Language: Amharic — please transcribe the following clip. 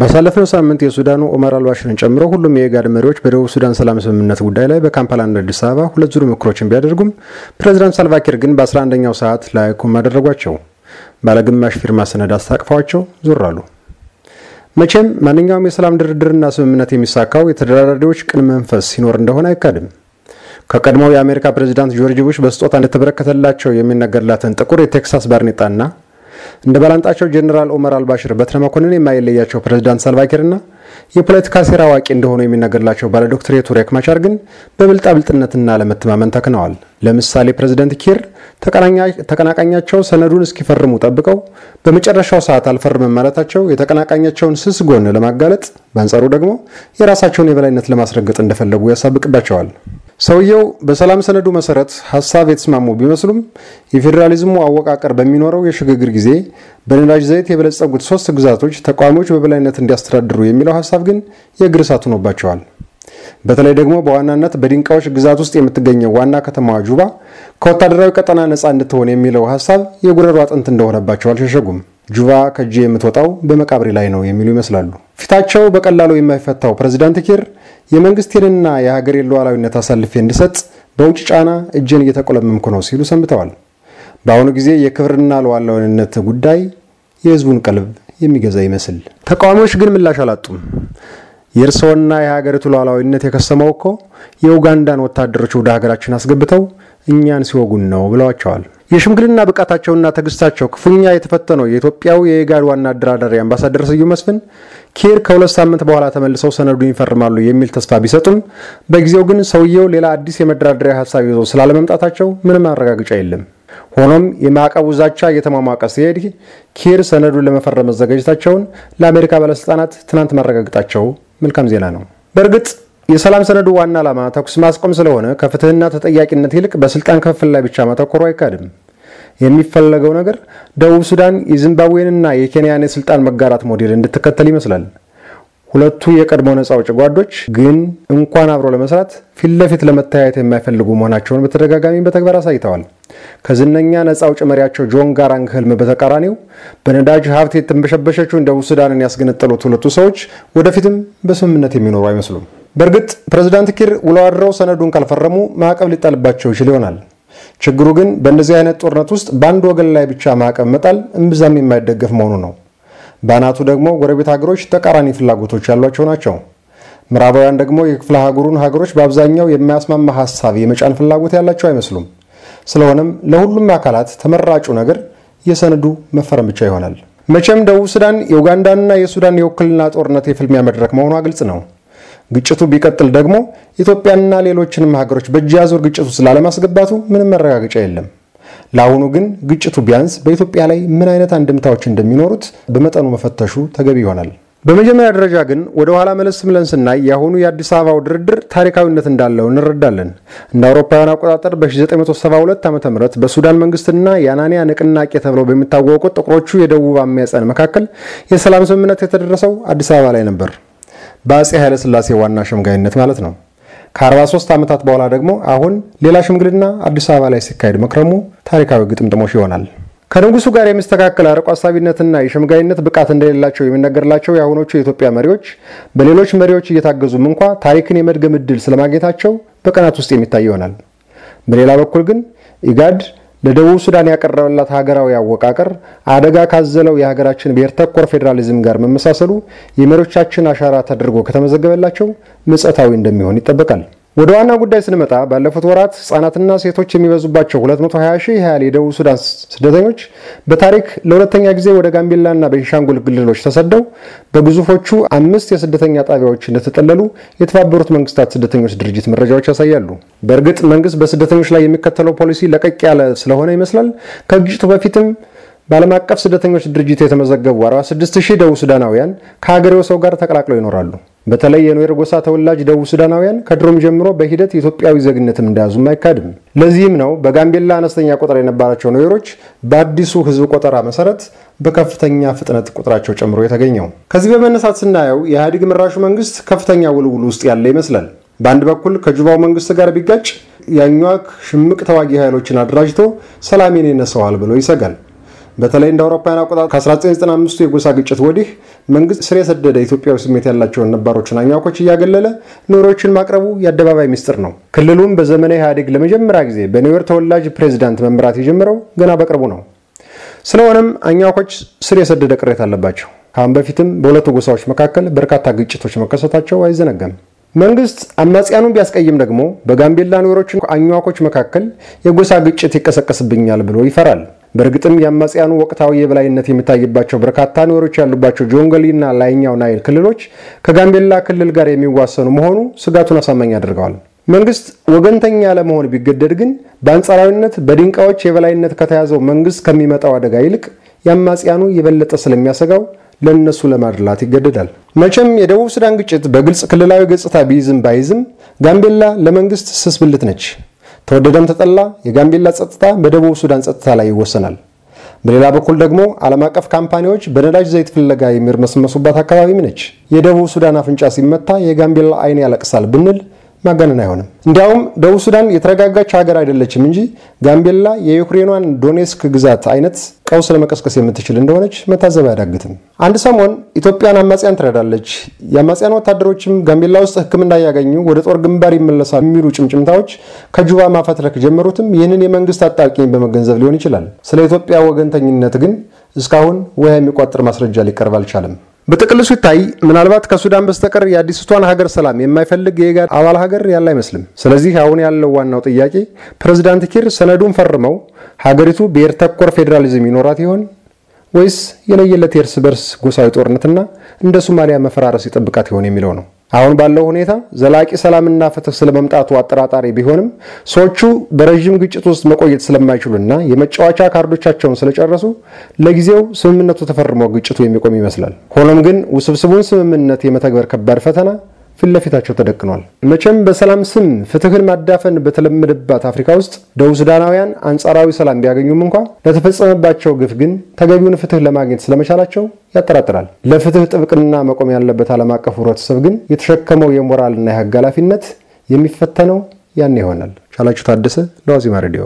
ባሳለፍነው ሳምንት የሱዳኑ ኦማር አልባሽርን ጨምሮ ሁሉም የኢጋድ መሪዎች በደቡብ ሱዳን ሰላም ስምምነት ጉዳይ ላይ በካምፓላና አዲስ አበባ ሁለት ዙር ምክሮችን ቢያደርጉም ፕሬዚዳንት ሳልቫኪር ግን በ11ኛው ሰዓት ላይኮም አደረጓቸው። ባለግማሽ ፊርማ ሰነድ አስታቅፈዋቸው ዞር አሉ። መቼም ማንኛውም የሰላም ድርድርና ስምምነት የሚሳካው የተደራዳሪዎች ቅን መንፈስ ሲኖር እንደሆነ አይካድም። ከቀድሞው የአሜሪካ ፕሬዚዳንት ጆርጅ ቡሽ በስጦታ እንደተበረከተላቸው የሚነገርላትን ጥቁር የቴክሳስ ባርኔጣና እንደ ባላንጣቸው ጀኔራል ኦመር አልባሽር በትረ መኮንን የማይለያቸው ፕሬዝዳንት ሳልቫኪርና የፖለቲካ ሴራ አዋቂ እንደሆኑ የሚነገርላቸው ባለዶክትሬቱ ሪክ ማቻር ግን በብልጣብልጥነትና ለመተማመን ተክነዋል። ለምሳሌ ፕሬዝዳንት ኪር ተቀናቃኛቸው ሰነዱን እስኪፈርሙ ጠብቀው በመጨረሻው ሰዓት አልፈርምም ማለታቸው የተቀናቃኛቸውን ስስ ጎን ለማጋለጥ፣ በአንጻሩ ደግሞ የራሳቸውን የበላይነት ለማስረገጥ እንደፈለጉ ያሳብቅባቸዋል። ሰውየው በሰላም ሰነዱ መሰረት ሀሳብ የተስማሙ ቢመስሉም የፌዴራሊዝሙ አወቃቀር በሚኖረው የሽግግር ጊዜ በነዳጅ ዘይት የበለጸጉት ሶስት ግዛቶች ተቃዋሚዎች በበላይነት እንዲያስተዳድሩ የሚለው ሀሳብ ግን የእግር እሳት ሆኖባቸዋል። በተለይ ደግሞ በዋናነት በድንቃዎች ግዛት ውስጥ የምትገኘው ዋና ከተማዋ ጁባ ከወታደራዊ ቀጠና ነፃ እንድትሆን የሚለው ሀሳብ የጉረሩ አጥንት እንደሆነባቸው አልሸሸጉም። ጁባ ከእጅ የምትወጣው በመቃብሬ ላይ ነው የሚሉ ይመስላሉ። ፊታቸው በቀላሉ የማይፈታው ፕሬዚዳንት ኪር የመንግስቴንና የሀገሬን ሉዓላዊነት አሳልፌ እንድሰጥ በውጭ ጫና እጄን እየተቆለመምኩ ነው ሲሉ ሰንብተዋል። በአሁኑ ጊዜ የክብርና ሉዓላዊነት ጉዳይ የህዝቡን ቀልብ የሚገዛ ይመስል፣ ተቃዋሚዎች ግን ምላሽ አላጡም። የእርስዎና የሀገሪቱ ሉዓላዊነት የከሰመው እኮ የኡጋንዳን ወታደሮች ወደ ሀገራችን አስገብተው እኛን ሲወጉን ነው ብለዋቸዋል። የሽምግልና ብቃታቸውና ትዕግስታቸው ክፉኛ የተፈተነው የኢትዮጵያው የኢጋድ ዋና አደራዳሪ አምባሳደር ስዩም መስፍን ኪር ከሁለት ሳምንት በኋላ ተመልሰው ሰነዱን ይፈርማሉ የሚል ተስፋ ቢሰጡም በጊዜው ግን ሰውየው ሌላ አዲስ የመደራደሪያ ሀሳብ ይዞ ስላለመምጣታቸው ምንም ማረጋገጫ የለም። ሆኖም የማዕቀቡ ዛቻ እየተሟሟቀ ሲሄድ ኪር ሰነዱን ለመፈረም መዘጋጀታቸውን ለአሜሪካ ባለስልጣናት ትናንት ማረጋገጣቸው መልካም ዜና ነው። በእርግጥ የሰላም ሰነዱ ዋና ዓላማ ተኩስ ማስቆም ስለሆነ ከፍትህና ተጠያቂነት ይልቅ በስልጣን ክፍፍል ላይ ብቻ ማተኮሩ አይካድም። የሚፈለገው ነገር ደቡብ ሱዳን የዚምባብዌንና የኬንያን የስልጣን መጋራት ሞዴል እንድትከተል ይመስላል። ሁለቱ የቀድሞ ነፃ አውጭ ጓዶች ግን እንኳን አብሮ ለመስራት ፊት ለፊት ለመተያየት የማይፈልጉ መሆናቸውን በተደጋጋሚ በተግባር አሳይተዋል። ከዝነኛ ነፃ አውጭ መሪያቸው ጆን ጋራንግ ህልም በተቃራኒው በነዳጅ ሀብት የተንበሸበሸችውን ደቡብ ሱዳንን ያስገነጠሉት ሁለቱ ሰዎች ወደፊትም በስምምነት የሚኖሩ አይመስሉም። በእርግጥ ፕሬዚዳንት ኪር ውለው አድረው ሰነዱን ካልፈረሙ ማዕቀብ ሊጣልባቸው ይችል ይሆናል። ችግሩ ግን በእንደዚህ አይነት ጦርነት ውስጥ በአንድ ወገን ላይ ብቻ ማዕቀብ መጣል እምብዛም የማይደገፍ መሆኑ ነው። በአናቱ ደግሞ ጎረቤት ሀገሮች ተቃራኒ ፍላጎቶች ያሏቸው ናቸው። ምዕራባውያን ደግሞ የክፍለ ሀገሩን ሀገሮች በአብዛኛው የማያስማማ ሀሳብ የመጫን ፍላጎት ያላቸው አይመስሉም። ስለሆነም ለሁሉም አካላት ተመራጩ ነገር የሰነዱ መፈረም ብቻ ይሆናል። መቼም ደቡብ ሱዳን የኡጋንዳንና የሱዳን የውክልና ጦርነት የፍልሚያ መድረክ መሆኗ ግልጽ ነው። ግጭቱ ቢቀጥል ደግሞ ኢትዮጵያንና ሌሎችንም ሀገሮች በእጅ አዙር ግጭቱ ስላለማስገባቱ ምንም መረጋገጫ የለም። ለአሁኑ ግን ግጭቱ ቢያንስ በኢትዮጵያ ላይ ምን አይነት አንድምታዎች እንደሚኖሩት በመጠኑ መፈተሹ ተገቢ ይሆናል። በመጀመሪያ ደረጃ ግን ወደ ኋላ መለስ ብለን ስናይ የአሁኑ የአዲስ አበባው ድርድር ታሪካዊነት እንዳለው እንረዳለን። እንደ አውሮፓውያን አቆጣጠር በ1972 ዓ ም በሱዳን መንግስትና የአናንያ ንቅናቄ ተብለው በሚታወቁት ጥቁሮቹ የደቡብ አማጽያን መካከል የሰላም ስምምነት የተደረሰው አዲስ አበባ ላይ ነበር። በአጼ ኃይለሥላሴ ዋና ሸምጋይነት ማለት ነው። ከ43 ዓመታት በኋላ ደግሞ አሁን ሌላ ሽምግልና አዲስ አበባ ላይ ሲካሄድ መክረሙ ታሪካዊ ግጥምጥሞሽ ይሆናል። ከንጉሱ ጋር የሚስተካከል አርቆ አሳቢነትና የሸምጋይነት ብቃት እንደሌላቸው የሚነገርላቸው የአሁኖቹ የኢትዮጵያ መሪዎች በሌሎች መሪዎች እየታገዙም እንኳ ታሪክን የመድገም ዕድል ስለማግኘታቸው በቀናት ውስጥ የሚታይ ይሆናል። በሌላ በኩል ግን ኢጋድ ለደቡብ ሱዳን ያቀረበላት ሀገራዊ አወቃቀር አደጋ ካዘለው የሀገራችን ብሔር ተኮር ፌዴራሊዝም ጋር መመሳሰሉ የመሪዎቻችን አሻራ ተደርጎ ከተመዘገበላቸው ምጸታዊ እንደሚሆን ይጠበቃል። ወደ ዋና ጉዳይ ስንመጣ ባለፉት ወራት ህጻናትና ሴቶች የሚበዙባቸው 220 ሺህ ያህል የደቡብ ሱዳን ስደተኞች በታሪክ ለሁለተኛ ጊዜ ወደ ጋምቤላና ቤንሻንጉል ክልሎች ተሰደው በግዙፎቹ አምስት የስደተኛ ጣቢያዎች እንደተጠለሉ የተባበሩት መንግስታት ስደተኞች ድርጅት መረጃዎች ያሳያሉ። በእርግጥ መንግስት በስደተኞች ላይ የሚከተለው ፖሊሲ ለቀቅ ያለ ስለሆነ ይመስላል ከግጭቱ በፊትም በዓለም አቀፍ ስደተኞች ድርጅት የተመዘገቡ 46 ሺህ ደቡብ ሱዳናውያን ከሀገሬው ሰው ጋር ተቀላቅለው ይኖራሉ። በተለይ የኑዌር ጎሳ ተወላጅ ደቡብ ሱዳናውያን ከድሮም ጀምሮ በሂደት ኢትዮጵያዊ ዜግነትም እንደያዙም አይካድም። ለዚህም ነው በጋምቤላ አነስተኛ ቁጥር የነበራቸው ኑዌሮች በአዲሱ ሕዝብ ቆጠራ መሰረት በከፍተኛ ፍጥነት ቁጥራቸው ጨምሮ የተገኘው። ከዚህ በመነሳት ስናየው የኢህአዴግ ምራሹ መንግስት ከፍተኛ ውልውል ውስጥ ያለ ይመስላል። በአንድ በኩል ከጁባው መንግስት ጋር ቢጋጭ ያኟክ ሽምቅ ተዋጊ ኃይሎችን አደራጅቶ ሰላሜን ይነሰዋል ብሎ ይሰጋል። በተለይ እንደ አውሮፓውያን አቆጣጠር ከ1995 የጎሳ ግጭት ወዲህ መንግስት ስር የሰደደ ኢትዮጵያዊ ስሜት ያላቸውን ነባሮችን አኛኮች እያገለለ ኑሮዎችን ማቅረቡ የአደባባይ ሚስጥር ነው። ክልሉም በዘመነ ኢህአዴግ ለመጀመሪያ ጊዜ በኒውዮርክ ተወላጅ ፕሬዚዳንት መምራት የጀመረው ገና በቅርቡ ነው። ስለሆነም አኛኮች ስር የሰደደ ቅሬታ አለባቸው። ከአሁን በፊትም በሁለቱ ጎሳዎች መካከል በርካታ ግጭቶች መከሰታቸው አይዘነጋም። መንግስት አማጽያኑን ቢያስቀይም ደግሞ በጋምቤላ ኑሮችን አኟኮች መካከል የጎሳ ግጭት ይቀሰቀስብኛል ብሎ ይፈራል። በእርግጥም የአማጽያኑ ወቅታዊ የበላይነት የሚታይባቸው በርካታ ነዋሪዎች ያሉባቸው ጆንገሊና ላይኛው ናይል ክልሎች ከጋምቤላ ክልል ጋር የሚዋሰኑ መሆኑ ስጋቱን አሳማኝ አድርገዋል። መንግስት ወገንተኛ ለመሆን ቢገደድ ግን በአንጻራዊነት በድንቃዎች የበላይነት ከተያዘው መንግስት ከሚመጣው አደጋ ይልቅ የአማጽያኑ የበለጠ ስለሚያሰጋው ለእነሱ ለማድላት ይገደዳል። መቼም የደቡብ ሱዳን ግጭት በግልጽ ክልላዊ ገጽታ ቢይዝም ባይዝም ጋምቤላ ለመንግስት ስስ ብልት ነች። ተወደደም ተጠላ የጋምቤላ ጸጥታ በደቡብ ሱዳን ጸጥታ ላይ ይወሰናል። በሌላ በኩል ደግሞ ዓለም አቀፍ ካምፓኒዎች በነዳጅ ዘይት ፍለጋ የሚርመስመሱባት አካባቢም ነች። የደቡብ ሱዳን አፍንጫ ሲመታ የጋምቤላ ዓይን ያለቅሳል ብንል ማጋነን አይሆንም። እንዲያውም ደቡብ ሱዳን የተረጋጋች ሀገር አይደለችም እንጂ ጋምቤላ የዩክሬኗን ዶኔስክ ግዛት አይነት ቀውስ ለመቀስቀስ የምትችል እንደሆነች መታዘብ አያዳግትም። አንድ ሰሞን ኢትዮጵያን አማጽያን ትረዳለች፣ የአማጽያን ወታደሮችም ጋምቤላ ውስጥ ሕክምና እያገኙ ወደ ጦር ግንባር ይመለሳል የሚሉ ጭምጭምታዎች ከጁባ ማፈትለክ ጀመሩትም ይህንን የመንግስት አጣብቂኝ በመገንዘብ ሊሆን ይችላል። ስለ ኢትዮጵያ ወገንተኝነት ግን እስካሁን ውሃ የሚቋጥር ማስረጃ ሊቀርብ አልቻለም። በጥቅሉ ሲታይ ምናልባት ከሱዳን በስተቀር የአዲስቷን ሀገር ሰላም የማይፈልግ የኢጋድ አባል ሀገር ያለ አይመስልም። ስለዚህ አሁን ያለው ዋናው ጥያቄ ፕሬዚዳንት ኪር ሰነዱን ፈርመው ሀገሪቱ ብሔር ተኮር ፌዴራሊዝም ይኖራት ይሆን ወይስ የለየለት የእርስ በርስ ጎሳዊ ጦርነትና እንደ ሶማሊያ መፈራረስ ይጠብቃት ይሆን የሚለው ነው። አሁን ባለው ሁኔታ ዘላቂ ሰላምና ፍትህ ስለመምጣቱ አጠራጣሪ ቢሆንም ሰዎቹ በረዥም ግጭት ውስጥ መቆየት ስለማይችሉና የመጫወቻ ካርዶቻቸውን ስለጨረሱ ለጊዜው ስምምነቱ ተፈርሞ ግጭቱ የሚቆም ይመስላል። ሆኖም ግን ውስብስቡን ስምምነት የመተግበር ከባድ ፈተና ፊት ለፊታቸው ተደቅኗል። መቼም በሰላም ስም ፍትህን ማዳፈን በተለመደባት አፍሪካ ውስጥ ደቡብ ሱዳናውያን አንጻራዊ ሰላም ቢያገኙም እንኳ ለተፈጸመባቸው ግፍ ግን ተገቢውን ፍትህ ለማግኘት ስለመቻላቸው ያጠራጥራል። ለፍትህ ጥብቅና መቆም ያለበት ዓለም አቀፍ ህብረተሰብ ግን የተሸከመው የሞራልና የህግ ኃላፊነት የሚፈተነው ያን ይሆናል። ቻላችሁ ታደሰ ለዋዜማ ሬዲዮ